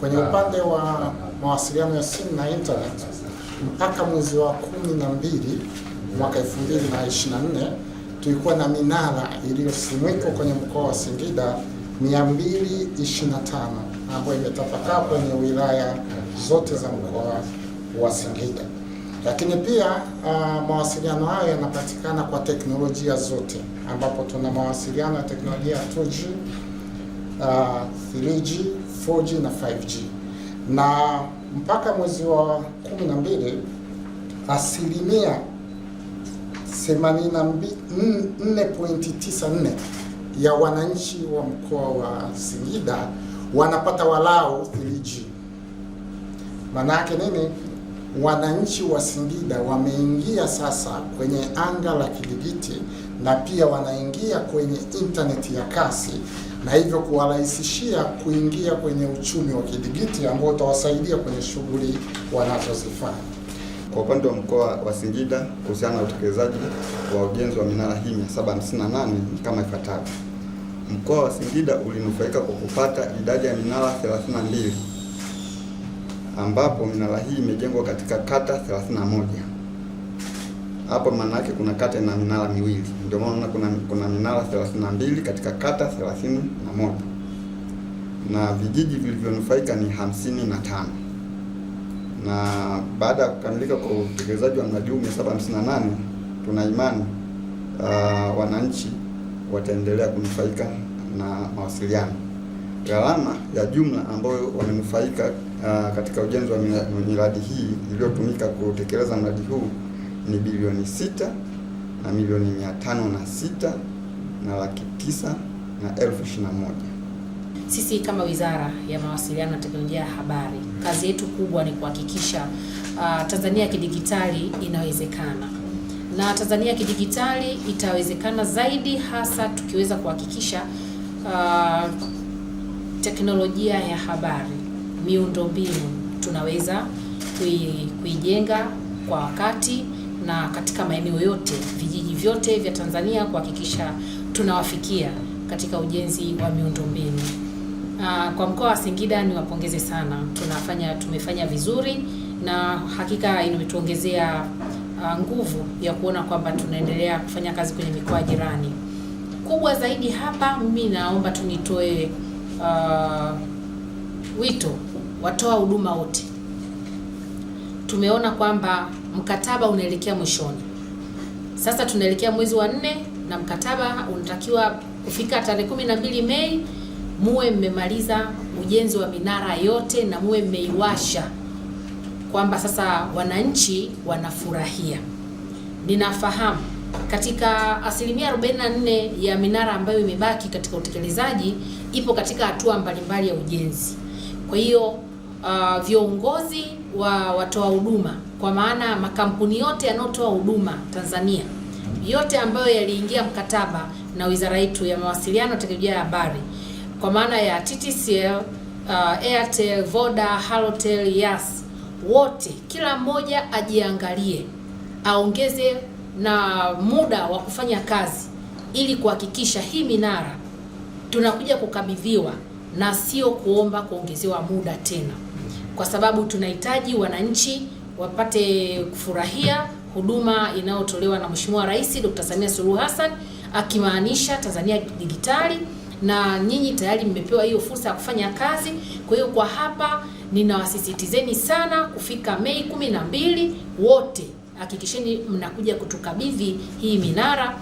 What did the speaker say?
Kwenye ah. upande wa mawasiliano ya simu na internet, mpaka mwezi wa kumi na mbili mwaka 2024 tulikuwa na minara iliyosimikwa kwenye mkoa wa Singida 225 ambayo imetapakaa kwenye wilaya zote za mkoa wa Singida. Lakini pia uh, mawasiliano hayo yanapatikana kwa teknolojia zote ambapo tuna mawasiliano ya teknolojia ya 2G, uh, 3G 4G na 5G na mpaka mwezi wa 12 asilimia 84.94 ya wananchi wa mkoa wa Singida wanapata walau 3G. Maana yake nini? Wananchi wa Singida wameingia sasa kwenye anga la kidigiti na pia wanaingia kwenye intaneti ya kasi na hivyo kuwarahisishia kuingia kwenye uchumi wa kidigiti ambao utawasaidia kwenye shughuli wanazozifanya. Kwa upande wa mkoa wa Singida kuhusiana na utekelezaji wa ujenzi wa minara hii 758 ni kama ifuatavyo. Mkoa wa Singida ulinufaika kwa kupata idadi ya minara 32 ambapo minara hii imejengwa katika kata 31 hapo maana yake kuna kata ina minara miwili, ndio maana kuna kuna minara 32 katika kata 31 na vijiji vilivyonufaika ni 55 na tano na baada ya kukamilika kwa utekelezaji wa mradi huu 758 tuna imani uh, wananchi wataendelea kunufaika na mawasiliano. Gharama ya jumla ambayo wamenufaika uh, katika ujenzi wa miradi hii iliyotumika kutekeleza mradi huu ni bilioni sita na milioni mia tano na sita na laki tisa na elfu ishirini na moja. Sisi kama Wizara ya Mawasiliano na Teknolojia ya Habari, kazi yetu kubwa ni kuhakikisha uh, Tanzania ya kidigitali inawezekana, na Tanzania ya kidigitali itawezekana zaidi hasa tukiweza kuhakikisha uh, teknolojia ya habari, miundombinu tunaweza kuijenga kui kwa wakati na katika maeneo yote, vijiji vyote vya Tanzania kuhakikisha tunawafikia katika ujenzi wa miundombinu. Ah, kwa mkoa wa Singida niwapongeze sana, tunafanya tumefanya vizuri na hakika imetuongezea ah, nguvu ya kuona kwamba tunaendelea kufanya kazi kwenye mikoa jirani. Kubwa zaidi hapa, mimi naomba tu nitoe uh, wito watoa huduma wote tumeona kwamba mkataba unaelekea mwishoni. Sasa tunaelekea mwezi wa nne na mkataba unatakiwa kufika tarehe 12 Mei muwe mmemaliza ujenzi wa minara yote na muwe mmeiwasha, kwamba sasa wananchi wanafurahia. Ninafahamu katika asilimia 44 ya minara ambayo imebaki katika utekelezaji ipo katika hatua mbalimbali ya ujenzi, kwa hiyo uh, viongozi wa watoa huduma, kwa maana makampuni yote yanayotoa huduma Tanzania yote ambayo yaliingia mkataba na wizara yetu ya mawasiliano teknolojia ya habari kwa maana ya TTCL, uh, Airtel, Voda, Halotel, Yas, wote kila mmoja ajiangalie, aongeze na muda wa kufanya kazi ili kuhakikisha hii minara tunakuja kukabidhiwa na sio kuomba kuongezewa muda tena kwa sababu tunahitaji wananchi wapate kufurahia huduma inayotolewa na Mheshimiwa Rais Dr. Samia Suluhu Hassan akimaanisha Tanzania Digitali, na nyinyi tayari mmepewa hiyo fursa ya kufanya kazi. Kwa hiyo kwa hapa ninawasisitizeni sana kufika Mei kumi na mbili, wote hakikisheni mnakuja kutukabidhi hii minara